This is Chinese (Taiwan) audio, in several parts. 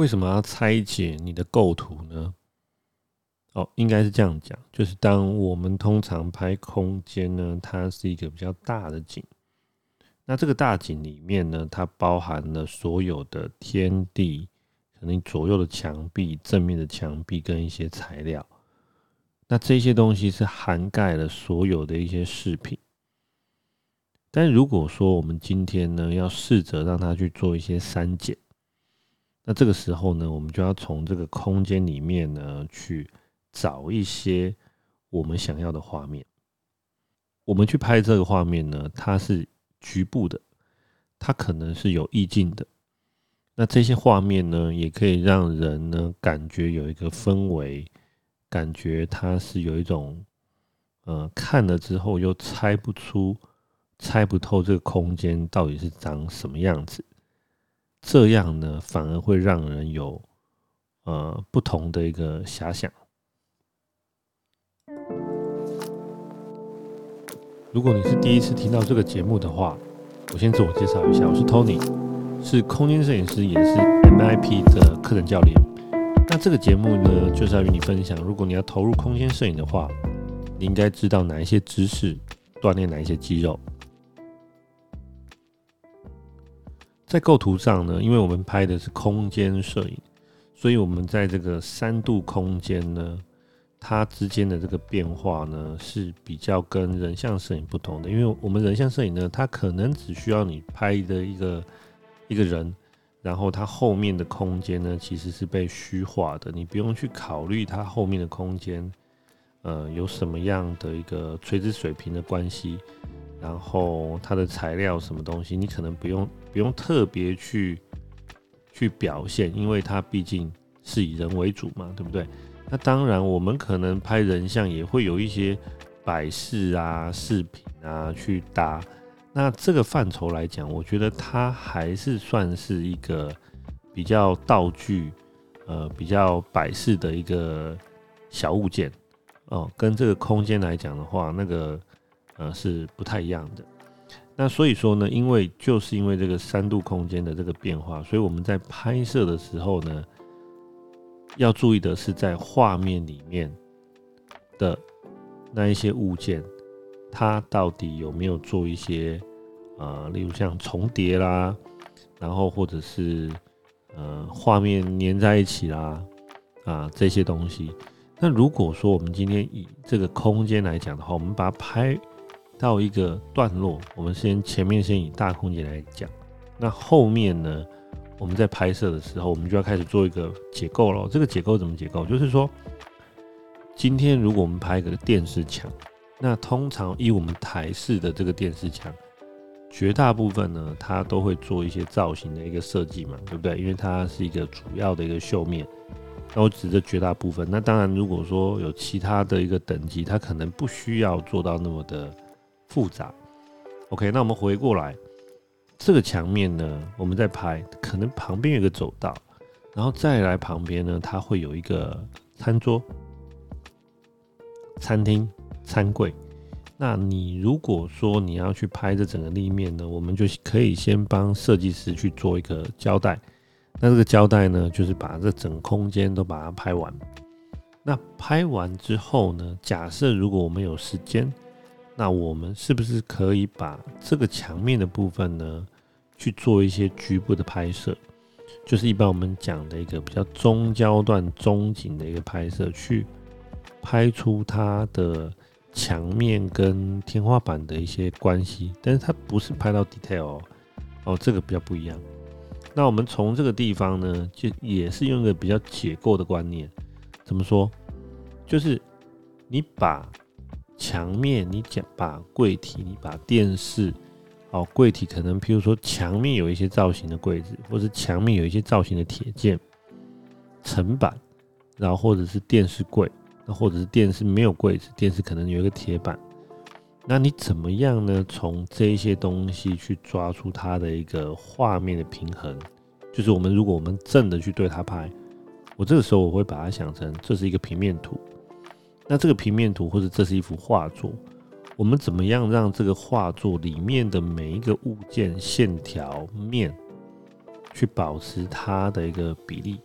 為什麼要拆解你的構圖呢？哦，應該是這樣講，就是當我們通常拍空間呢，它是一個比較大的景，那這個大景裡面呢，它包含了所有的天地，可能左右的牆壁、正面的牆壁跟一些材料，那這些東西是涵蓋了所有的一些飾品。但如果說我們今天呢，要試着讓它去做一些刪減。那這個時候呢，我們就要從這個空間裡面呢，去找一些我們想要的畫面。我們去拍這個畫面呢，它是局部的，它可能是有意境的。那這些畫面呢，也可以讓人呢感覺有一個氛圍，感覺它是有一種，呃，看了之後又猜不出、猜不透這個空間到底是長什麼樣子。這樣呢，反而會讓人有呃不同的一個遐想。如果你是第一次聽到這個節目的話，我先自我介紹一下，我是 Tony，是空間攝影師，也是 MIP 的課程教練。那這個節目呢，就是要與你分享，如果你要投入空間攝影的話，你應該知道哪一些知識，鍛鍊哪一些肌肉。在構圖上呢，因為我們拍的是空間攝影，所以我們在這個三度空間呢，它之間的這個變化呢，是比較跟人像攝影不同的。因為我們人像攝影呢，它可能只需要你拍的一個一個人，然後它後面的空間呢，其實是被虛化的，你不用去考慮它後面的空間，呃，有什麼樣的一個垂直水平的關係。然後它的材料什麼東西，你可能不用不用特別去去表現，因為它畢竟是以人為主嘛，對不對？那當然，我們可能拍人像也會有一些擺飾啊、飾品啊去搭。那這個範疇來講，我覺得它還是算是一個比較道具，呃，比較擺飾的一個小物件哦。跟這個空間來講的話，那個。呃，是不太一樣的。那所以說呢，因為就是因為這個三度空間的這個變化，所以我們在拍攝的時候呢，要注意的是在畫面裡面的那一些物件，它到底有沒有做一些，呃，例如像重疊啦，然後或者是，呃，畫面粘在一起啦，啊，呃，這些東西。那如果說我們今天以這個空間來講的話，我們把它拍。到一個段落，我們先前面先以大空間來講，那後面呢，我們在拍攝的時候，我們就要開始做一個結構咯。這個結構怎麼結構？就是說，今天如果我們拍一個電視牆，那通常以我們台式的這個電視牆，絕大部分呢，它都會做一些造型的一個設計嘛，對不對？因為它是一個主要的一個秀面，然後指着絕大部分。那當然，如果說有其他的一個等級，它可能不需要做到那麼的。複雜，OK，那我們回過來，這個牆面呢，我們在拍，可能旁邊有一個走道，然後再來旁邊呢，它會有一個餐桌、餐廳、餐櫃。那你如果說你要去拍這整個立面呢，我們就可以先幫設計師去做一個交代，那這個交代呢，就是把這整空間都把它拍完。那拍完之後呢，假設如果我們有時間。那我們是不是可以把這個牆面的部分呢，去做一些局部的拍攝，就是一般我們講的一個比較中焦段中景的一個拍攝，去拍出它的牆面跟天花板的一些關係，但是它不是拍到 detail 哦，哦，這個比較不一樣。那我們從這個地方呢，就也是用一個比較解構的觀念，怎麼說？就是你把。牆面，你講把櫃體，你把電視，哦，櫃體可能，譬如說牆面有一些造型的櫃子，或者牆面有一些造型的鐵件、層板，然後或者是電視櫃，那或者是電視沒有櫃子，電視可能有一個鐵板，那你怎麼樣呢？從這些東西去抓出它的一個畫面的平衡，就是我們如果我們正的去對它拍，我這個時候我會把它想成這是一個平面圖。那這個平面圖，或者這是一幅畫作，我們怎麼樣讓這個畫作裡面的每一個物件線條、面去保持它的一個比例？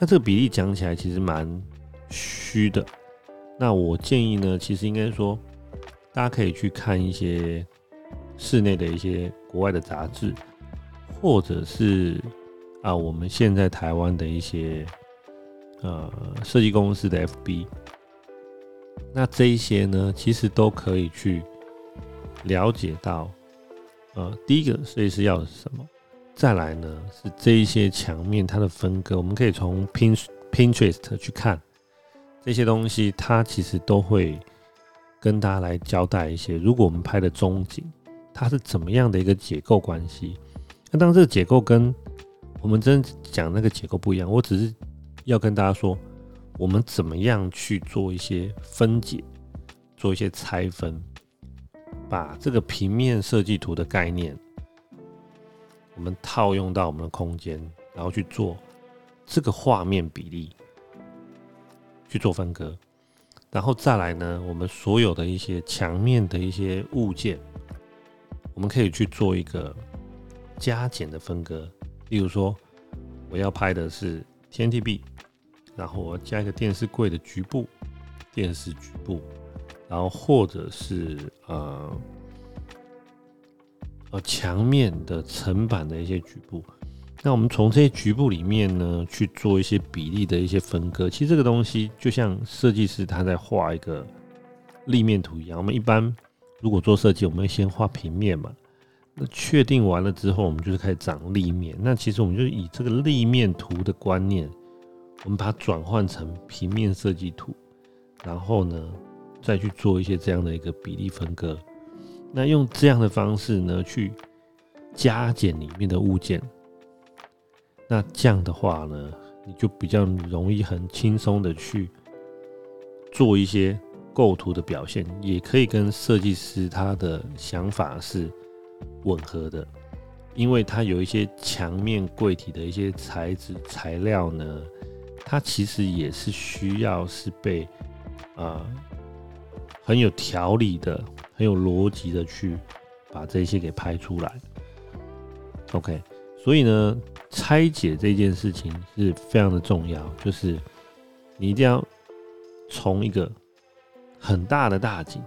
那這個比例講起來其實蠻虛的。那我建議呢，其實應該說，大家可以去看一些室內的一些國外的雜誌，或者是啊，我們現在台灣的一些呃設計公司的 FB。那這一些呢，其實都可以去了解到。呃，第一個設計師要的是什麼？再來呢，是這一些牆面它的分割，我們可以從 Pinterest Pinterest 去看這些東西，它其實都會跟大家來交代一些。如果我們拍的中景，它是怎麼樣的一個結構關係？那當然這個結構跟我們真講那個結構不一樣，我只是要跟大家說。我們怎麼樣去做一些分解，做一些拆分，把這個平面設計圖的概念，我們套用到我們的空間，然後去做這個畫面比例，去做分割，然後再來呢，我們所有的一些牆面的一些物件，我們可以去做一個加減的分割。例如說，我要拍的是天地壁然後我要加一個電視櫃的局部，電視局部，然後或者是呃呃牆面的層板的一些局部。那我們從這些局部裡面呢，去做一些比例的一些分割。其實這個東西就像設計師他在畫一個立面圖一樣。我們一般如果做設計，我們會先畫平面嘛。那確定完了之後，我們就是開始長立面。那其實我們就以這個立面圖的觀念。我們把它轉換成平面設計圖，然後呢，再去做一些這樣的一個比例分割。那用這樣的方式呢，去加減裡面的物件。那這樣的話呢，你就比較容易、很輕鬆的去做一些構圖的表現，也可以跟設計師他的想法是吻合的，因為它有一些牆面櫃體的一些材質材料呢。它其實也是需要是被啊、呃、很有條理的、很有邏輯的去把這些給拍出來。OK，所以呢，拆解這件事情是非常的重要，就是你一定要從一個很大的大景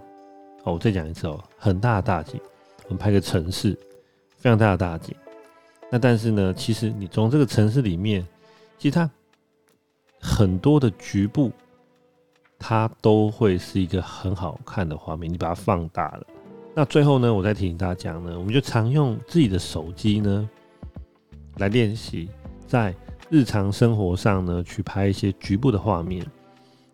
哦，我再講一次哦，很大的大景，我們拍個城市，非常大的大景。那但是呢，其實你從這個城市裡面，其實它很多的局部，它都會是一個很好看的畫面。你把它放大了，那最後呢，我再提醒大家呢，我們就常用自己的手機呢，來練習在日常生活上呢，去拍一些局部的畫面。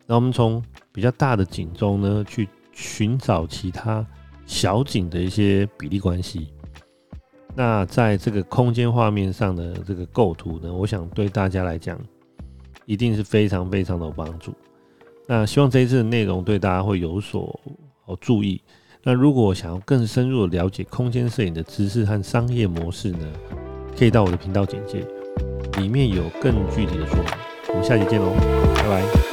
那我們從比較大的景中呢，去尋找其他小景的一些比例關係。那在這個空間畫面上的這個構圖呢，我想對大家來講。一定是非常非常的有幫助。那希望這一次的內容對大家會有所好注意。那如果想要更深入的了解空間攝影的知識和商業模式呢，可以到我的頻道簡介，裡面有更具體的說明。我們下期見嘍，拜拜。